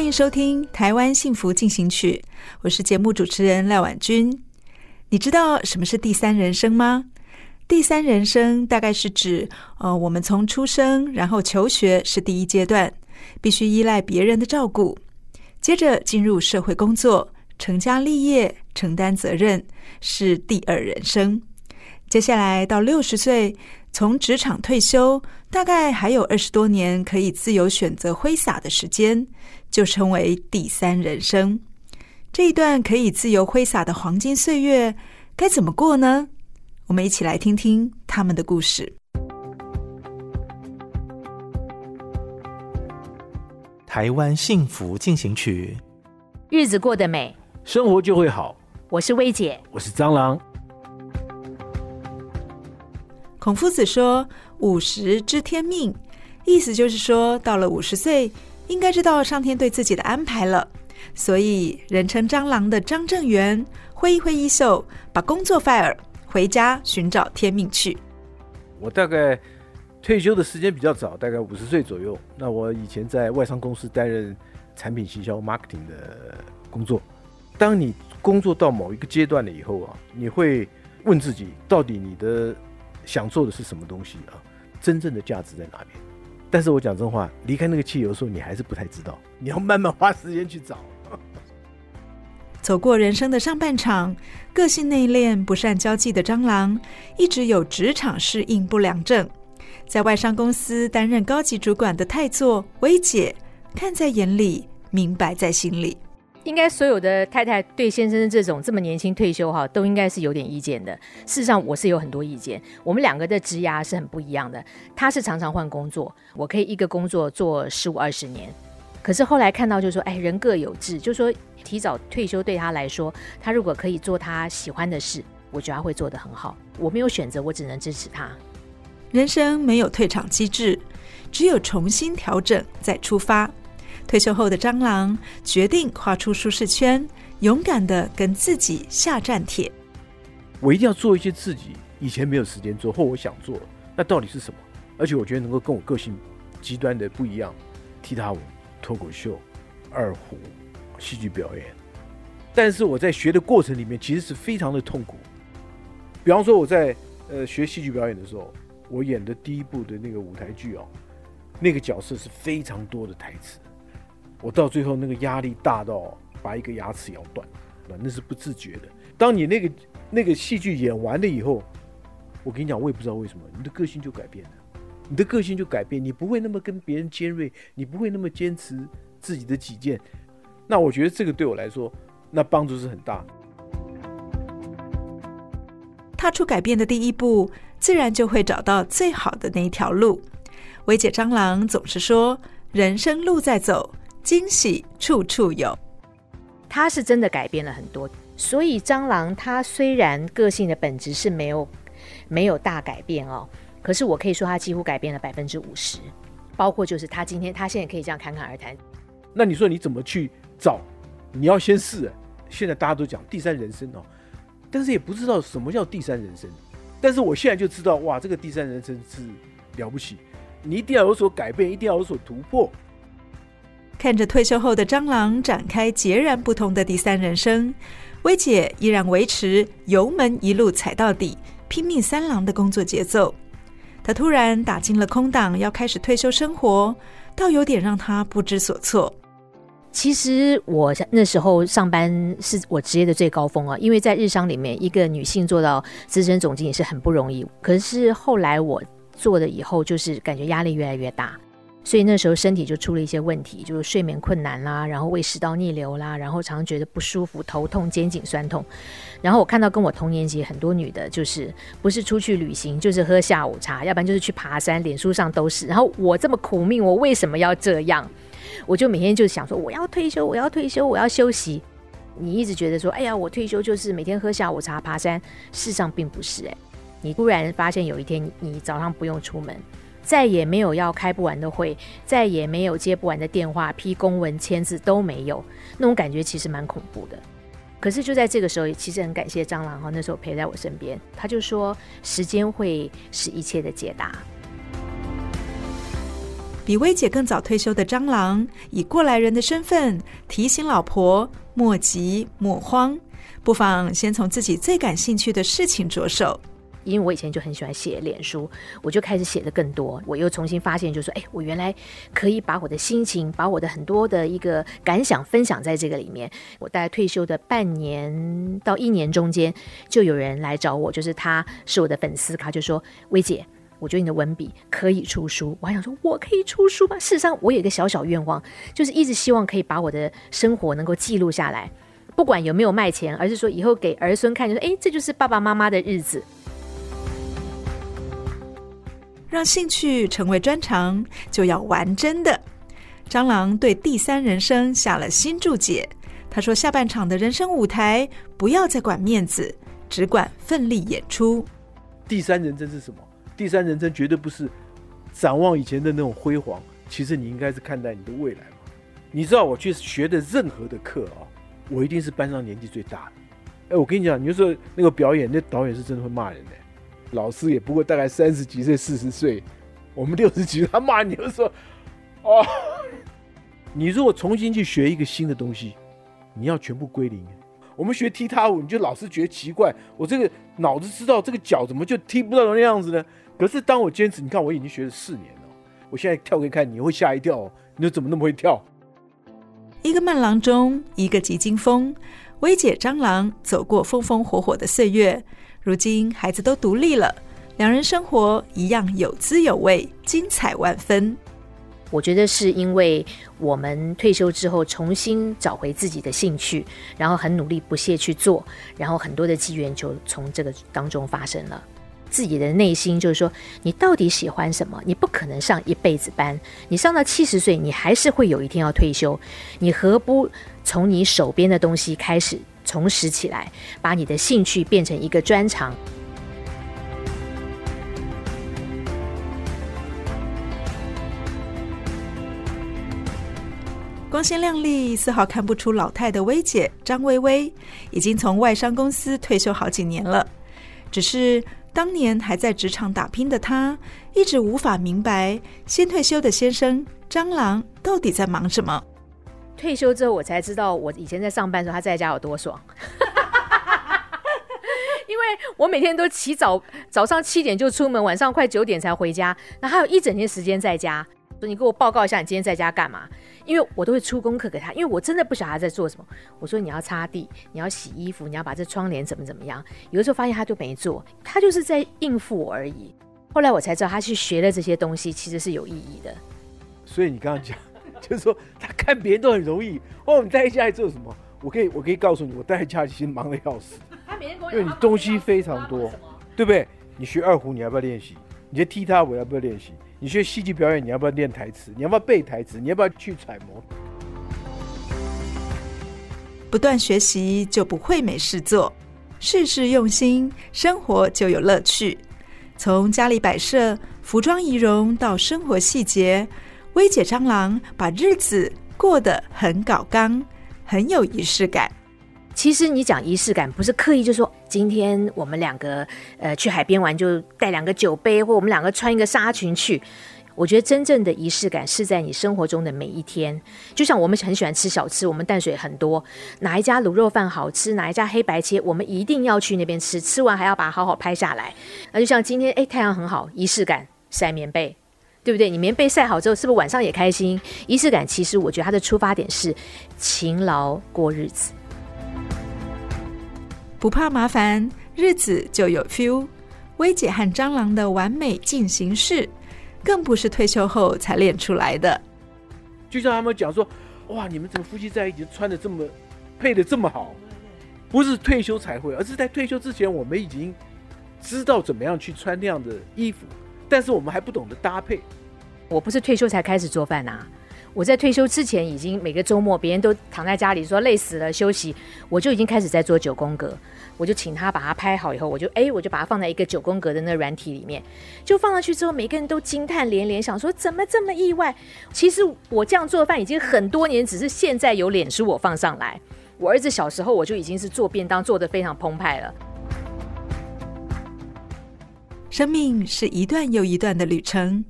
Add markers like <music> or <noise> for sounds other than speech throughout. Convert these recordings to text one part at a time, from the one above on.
歡迎收聽《台灣幸福進行曲》，我是節目主持人賴婉君。你知道什麼是第三人生嗎？第三人生大概是指，呃，我們從出生然後求學是第一階段，必須依賴別人的照顧；接着進入社會工作、成家立業、承擔責任是第二人生；接下來到六十歲從職場退休，大概還有二十多年可以自由選擇揮灑的時間。就稱為第三人生。這一段可以自由揮灑的黃金歲月，該怎麼過呢？我們一起來聽聽他們的故事。台灣幸福進行曲，日子過得美，生活就會好。我是薇姐，我是張郎。孔夫子說：“五十知天命”，意思就是說，到了五十歲。應該知道上天對自己的安排了，所以人稱張郎的張正元揮一揮衣袖，把工作 Fired，回家尋找天命去。我大概退休的時間比較早，大概五十歲左右。那我以前在外商公司擔任產品行銷 marketing 的工作。當你工作到某一個階段了以後啊，你會問自己，到底你的想做的是什麼東西啊？真正的價值在哪邊？但是我講真話，離開那個汽油的時候，你還是不太知道，你要慢慢花時間去找。走過人生的上半場，個性內斂、不善交際的張郎，一直有職場適應不良症。在外商公司擔任高級主管的太座薇姊，看在眼裡，明白在心裡。應該所有的太太對先生這種這麼年輕退休哈、啊，都應該是有點意見的。事實上，我是有很多意見。我們兩個的職涯是很不一樣的。他是常常換工作，我可以一個工作做十五二十年。可是後來看到，就說哎，人各有志，就說提早退休對他來說，他如果可以做他喜歡的事，我覺得他會做得很好。我沒有選擇，我只能支持他。人生沒有退場機制，只有重新調整再出發。退休後的張郎決定跨出舒適圈，勇敢的跟自己下戰帖。我一定要做一些自己以前沒有時間做或我想做，那到底是什麼？而且我覺得能夠跟我個性極端的不一樣，踢踏舞、脫口秀、二胡、戲劇表演。但是我在學的過程裡面，其實是非常的痛苦。比方說我在呃學戲劇表演的時候，我演的第一部的那個舞台劇哦，那個角色是非常多的台詞。我到最後那個壓力大到把一個牙齒咬斷，那是不自覺的。當你那個那個戲劇演完了以後，我跟你講，我也不知道為什麼，你的個性就改變了，你的個性就改變，你不會那麼跟別人尖銳，你不會那麼堅持自己的己見。那我覺得這個對我來說，那幫助是很大的。踏出改變的第一步，自然就會找到最好的那一條路。薇姊張郎總是說：“人生路在走。”驚喜處處有，他是真的改變了很多。所以張郎他雖然個性的本質是沒有，沒有大改變哦。可是我可以說他幾乎改變了百分之五十，包括就是他今天他現在可以這樣侃侃而談。那你說你怎麼去找？你要先試。現在大家都講第三人生哦，但是也不知道什麼叫第三人生。但是我現在就知道哇，這個第三人生是了不起。你一定要有所改變，一定要有所突破。看着退休後的張郎展開截然不同的第三人生，薇姊依然維持油門一路踩到底，拼命三郎的工作節奏。她突然打進了空檔，要開始退休生活，倒有點讓她不知所措。其實我那時候上班是我職業的最高峰啊，因為在日商裡面，一個女性做到資深總經理是很不容易。可是後來我做的以後，就是感覺壓力越來越大。所以那時候身體就出了一些問題，就是睡眠困難啦，然後胃食道逆流啦，然後常常覺得不舒服，頭痛、肩頸痠痛。然後我看到跟我同年級很多女的，就是不是出去旅行，就是喝下午茶，要不然就是去爬山，臉書上都是。然後我這麼苦命，我為什麼要這樣？我就每天就想說，我要退休，我要退休，我要休息。你一直覺得說，哎呀，我退休就是每天喝下午茶、爬山，事實上並不是欸。誒，你忽然發現有一天，你早上不用出門。再也沒有要開不完的會，再也沒有接不完的電話，批公文、簽字都沒有，那種感覺其實蠻恐怖的。可是就在這個時候，其實很感謝張郎哈，那時候陪在我身邊，他就說：“時間會是一切的解答。”比薇姊更早退休的張郎，以過來人的身份提醒老婆：莫急莫慌，不妨先從自己最感興趣的事情着手。因為我以前就很喜歡寫臉書，我就開始寫的更多。我又重新發現，就是說，哎，我原來可以把我的心情，把我的很多的一個感想分享在這個裡面。我大概退休的半年到一年中間，就有人來找我，就是他是我的粉絲，他就說：“薇姐，我覺得你的文筆可以出書。”我還想說，我可以出書嗎？事實上，我有一個小小願望，就是一直希望可以把我的生活能夠記錄下來，不管有沒有賣錢，而是說以後給兒孫看，就說，哎，這就是爸爸媽媽的日子。讓興趣成為專長，就要玩真的。張郎對第三人生下了新注解。他說：“下半場的人生舞台，不要再管面子，只管奮力演出。”第三人生是什麼？第三人生絕對不是展望以前的那種輝煌。其實你應該是看待你的未來嘛。你知道我去學的任何的課啊、哦，我一定是班上年紀最大的。誒我跟你講，你就說那個表演，那導演是真的會罵人的。老師也不過大概三十幾歲、四十歲，我們六十幾，他罵你就說：“哦，你如果重新去學一個新的東西，你要全部歸零。我們學踢踏舞，你就老是覺得奇怪，我這個腦子知道這個腳怎麼就踢不到的那樣子呢？可是當我堅持，你看我已經學了四年了，我現在跳給你看，你會嚇一跳哦。你說怎麼那麼會跳？一個慢郎中，一個急驚風。”薇姊張郎走過風風火火的歲月，如今孩子都獨立了，兩人生活一樣有滋有味，精彩萬分。我覺得是因為我們退休之後重新找回自己的興趣，然後很努力不懈去做，然後很多的機緣就從這個當中發生了。自己的內心就是說，你到底喜歡什麼？你不可能上一輩子班，你上到七十歲，你還是會有一天要退休。你何不從你手邊的東西開始重拾起來，把你的興趣變成一個專長？光鮮亮麗、絲毫看不出老態的薇姊張薇薇，已經從外商公司退休好幾年了，只是。當年還在職場打拼的他，一直無法明白，先退休的先生張郎到底在忙什麼。退休之後，我才知道，我以前在上班的時候，他在家有多爽。 <laughs> 因為我每天都起早，早上七點就出門，晚上快九點才回家，那還有一整天時間在家。說，你給我報告一下，你今天在家幹嘛？因為我都會出功課給他，因為我真的不曉得他在做什麼。我說你要擦地，你要洗衣服，你要把這窗簾怎麼怎麼樣。有的時候發現他都沒做，他就是在應付我而已。後來我才知道，他去學了這些東西其實是有意義的。所以你剛剛講， <laughs> 就是說他看別人都很容易。哦，你待在家裡做什麼？我可以，我可以告訴你，我待在家裡其實忙得要死。 <laughs> 他每天都要，因為你東西非常多， <laughs> 對不對？你學二胡，你要不要練習？你學踢踏舞，我要不要練習？你學戲劇表演，你要不要練台詞？你要不要背台詞？你要不要去揣摩？不斷學習就不會沒事做，事事用心，生活就有樂趣。從家裡擺設、服裝儀容到生活細節，薇姊張郎把日子過得很搞剛，很有儀式感。其實你講儀式感，不是刻意就說今天我們兩個呃去海邊玩就帶兩個酒杯，或我們兩個穿一個紗裙去。我覺得真正的儀式感是在你生活中的每一天。就像我們很喜歡吃小吃，我們淡水很多，哪一家滷肉飯好吃，哪一家黑白切，我們一定要去那邊吃，吃完還要把它好好拍下來。那就像今天，哎，太陽很好，儀式感曬棉被，對不對？你棉被曬好之後，是不是晚上也開心？儀式感其實我覺得它的出發點是勤勞過日子。不怕麻煩，日子就有 feel。薇姊和張郎的完美進行式，更不是退休後才練出來的。就像他們講說，哇，你們怎麼夫妻在一起穿得這麼配得這麼好？不是退休才會，而是在退休之前，我們已經知道怎麼樣去穿那樣的衣服，但是我們還不懂得搭配。我不是退休才開始做飯吶、啊。我在退休之前，已經每個周末，別人都躺在家裡說累死了休息，我就已經開始在做九宮格。我就請他把它拍好以後，我就哎，我就把它放在一個九宮格的那軟體裡面，就放上去之後，每個人都驚嘆連連，想說怎麼這麼意外。其實我這樣做的飯已經很多年，只是現在有臉書我放上來。我兒子小時候，我就已經是做便當做得非常澎湃了。生命是一段又一段的旅程，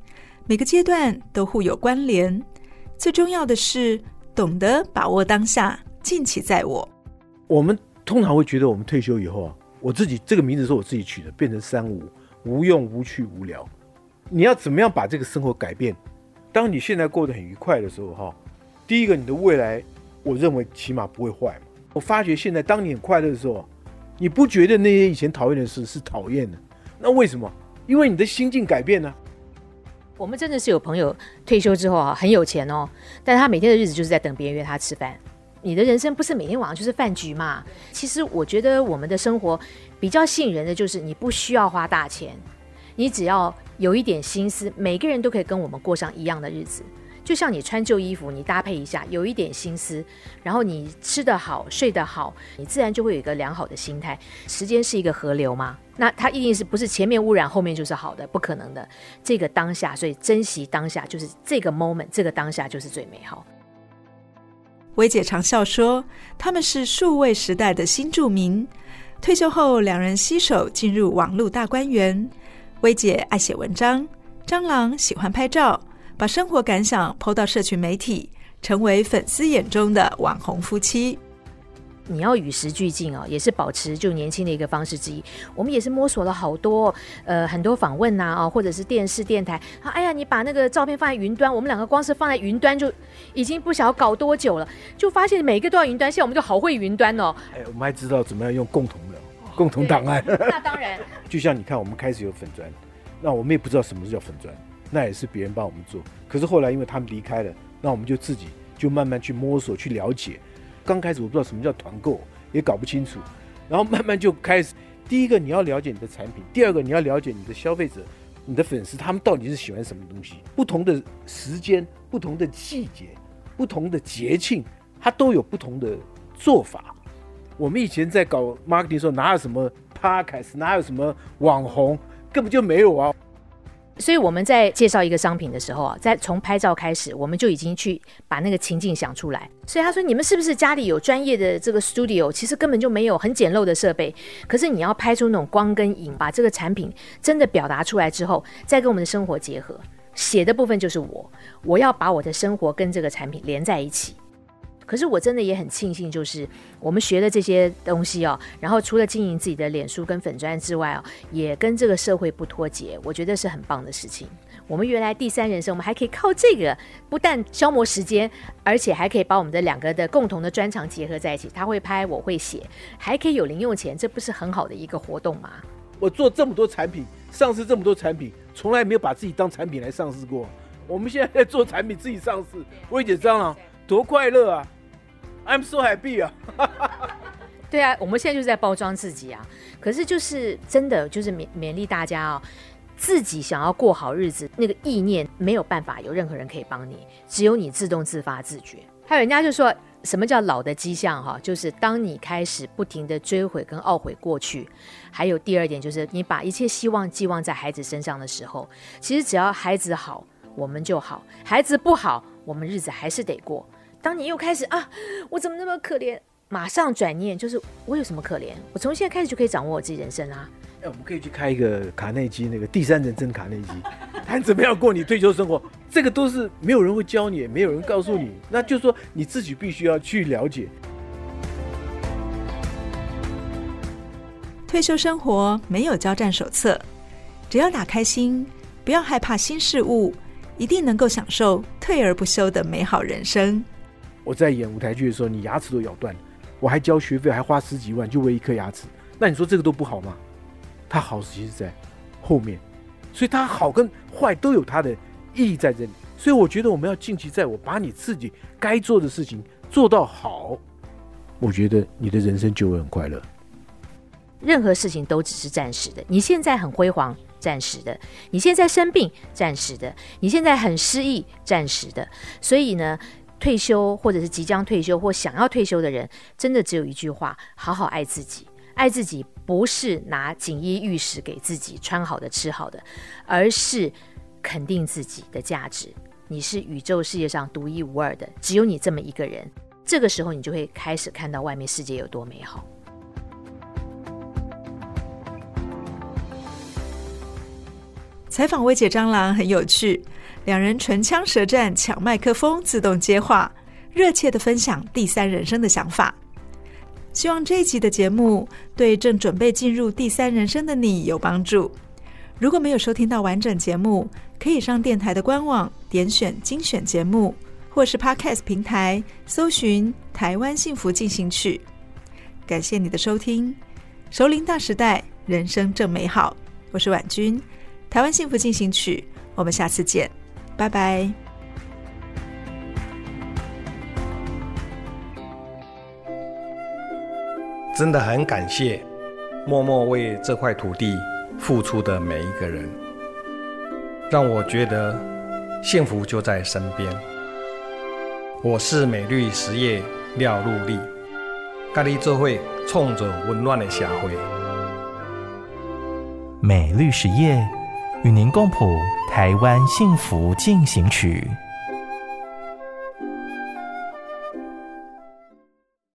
每個階段都互有關聯。最重要的是懂得把握當下，盡其在我。我們通常會覺得，我們退休以後啊，我自己這個名字是我自己取的，變成三無：無用、無趣、無聊。你要怎麼樣把這個生活改變？當你現在過得很愉快的時候，哈，第一個，你的未來我認為起碼不會壞。我發覺現在當你很快樂的時候，你不覺得那些以前討厭的事是討厭的？那為什麼？因為你的心境改變呢。我們真的是有朋友退休之後啊，很有錢哦，但他每天的日子就是在等別人約他吃飯。你的人生不是每天晚上就是飯局嘛？其實我覺得我們的生活比較吸引人的就是，你不需要花大錢，你只要有一點心思，每個人都可以跟我們過上一樣的日子。就像你穿舊衣服，你搭配一下，有一點心思，然後你吃得好，睡得好，你自然就會有一個良好的心態。時間是一個河流嗎？那它一定是不是前面汙染，後面就是好的？不可能的。這個當下，所以珍惜當下，就是這個 moment，這個當下就是最美好。薇姊常笑說，他們是數位時代的新住民。退休後，兩人攜手進入網路大觀園。薇姊愛寫文章，張郎喜歡拍照。把生活感想拋到社群媒體，成為粉絲眼中的網紅夫妻。你要與時俱進哦，也是保持就年輕的一個方式之一。我們也是摸索了好多，呃，很多訪問吶啊，或者是電視電台啊。哎呀，你把那個照片放在雲端，我們兩個光是放在雲端就已經不曉得搞多久了。就發現每一個都要雲端，現在我們就好會雲端哦。哎，我們還知道怎麼樣用共同的共同檔案。哦、那當然， <laughs> 就像你看，我們開始有粉專，那我們也不知道什麼是叫粉專。那也是別人幫我們做，可是後來因為他們離開了，那我們就自己就慢慢去摸索去了解。剛開始我不知道什麼叫團購，也搞不清楚，然後慢慢就開始。第一個你要了解你的產品，第二個你要了解你的消費者、你的粉絲他們到底是喜歡什麼東西。不同的時間、不同的季節、不同的節慶，它都有不同的做法。我們以前在搞 marketing 的時候，哪有什麼 podcast，哪有什麼網紅，根本就沒有啊。所以我們在介紹一個商品的時候啊，在從拍照開始，我們就已經去把那個情境想出來。所以他說，你們是不是家裡有專業的這個 studio？其實根本就沒有很簡陋的設備，可是你要拍出那種光跟影，把這個產品真的表達出來之後，再跟我們的生活結合。寫的部分就是我，我要把我的生活跟這個產品連在一起。可是我真的也很慶幸，就是我們學的這些東西哦，然後除了經營自己的臉書跟粉專之外哦，也跟這個社會不脫節，我覺得是很棒的事情。我們原來第三人生，我們還可以靠這個，不但消磨時間，而且還可以把我們的兩個的共同的專長結合在一起。他會拍，我會寫，還可以有零用錢，這不是很好的一個活動嗎？我做這麼多產品，上市這麼多產品，從來沒有把自己當產品來上市過。我們現在在做產品自己上市，薇姐張郎多快樂啊！I'm so happy 啊 <laughs> ！對啊，我們現在就是在包裝自己啊。可是就是真的，就是勉勉勵大家啊、哦，自己想要過好日子，那個意念沒有辦法有任何人可以幫你，只有你自動自發自覺。還有人家就說，什麼叫老的跡象、啊？哈，就是當你開始不停地追悔跟懊悔過去。還有第二點，就是你把一切希望寄望在孩子身上的時候，其實只要孩子好，我們就好；孩子不好，我們日子還是得過。當你又開始啊，我怎麼那麼可憐？馬上轉念，就是我有什麼可憐？我從現在開始就可以掌握我自己人生啦、啊。哎、呃，我們可以去開一個卡內基那個第三人生卡內基，但怎麼樣過你退休生活。 <laughs> 這個都是沒有人會教你，沒有人告訴你，那就是說你自己必須要去了解。退休生活沒有交戰手冊，只要打開心，不要害怕新事物，一定能夠享受退而不休的美好人生。我在演舞台劇的時候，你牙齒都咬斷了，我還交學費，還花十幾萬，就為一顆牙齒。那你說這個都不好嗎？它好其實在後面，所以它好跟壞都有它的意義在這裡。所以我覺得我們要盡其在我，把你自己該做的事情做到好，我覺得你的人生就會很快樂。任何事情都只是暫時的，你現在很輝煌，暫時的；你現在生病，暫時的；你現在很失意，暫時的。所以呢，退休，或者是即將退休或想要退休的人，真的只有一句話：好好愛自己。愛自己不是拿錦衣玉食給自己穿好的、吃好的，而是肯定自己的價值。你是宇宙世界上獨一無二的，只有你這麼一個人。這個時候，你就會開始看到外面世界有多美好。採訪薇姊張郎很有趣。兩人唇槍舌戰，搶麥克風，自動接話，熱切地分享第三人生的想法。希望這一期的節目對正準備進入第三人生的你有幫助。如果沒有收聽到完整節目，可以上電台的官網點選精選節目，或是 Podcast 平台搜尋《台灣幸福進行曲》。感謝你的收聽，《熟齡大時代》，人生正美好。我是婉君，《台灣幸福進行曲》，我們下次見。拜拜！真的很感謝默默為這塊土地付出的每一個人，讓我覺得幸福就在身邊。我是美律實業廖露麗，跟您做會衝着溫暖的社會，美律實業，與您共譜台灣幸福進行曲。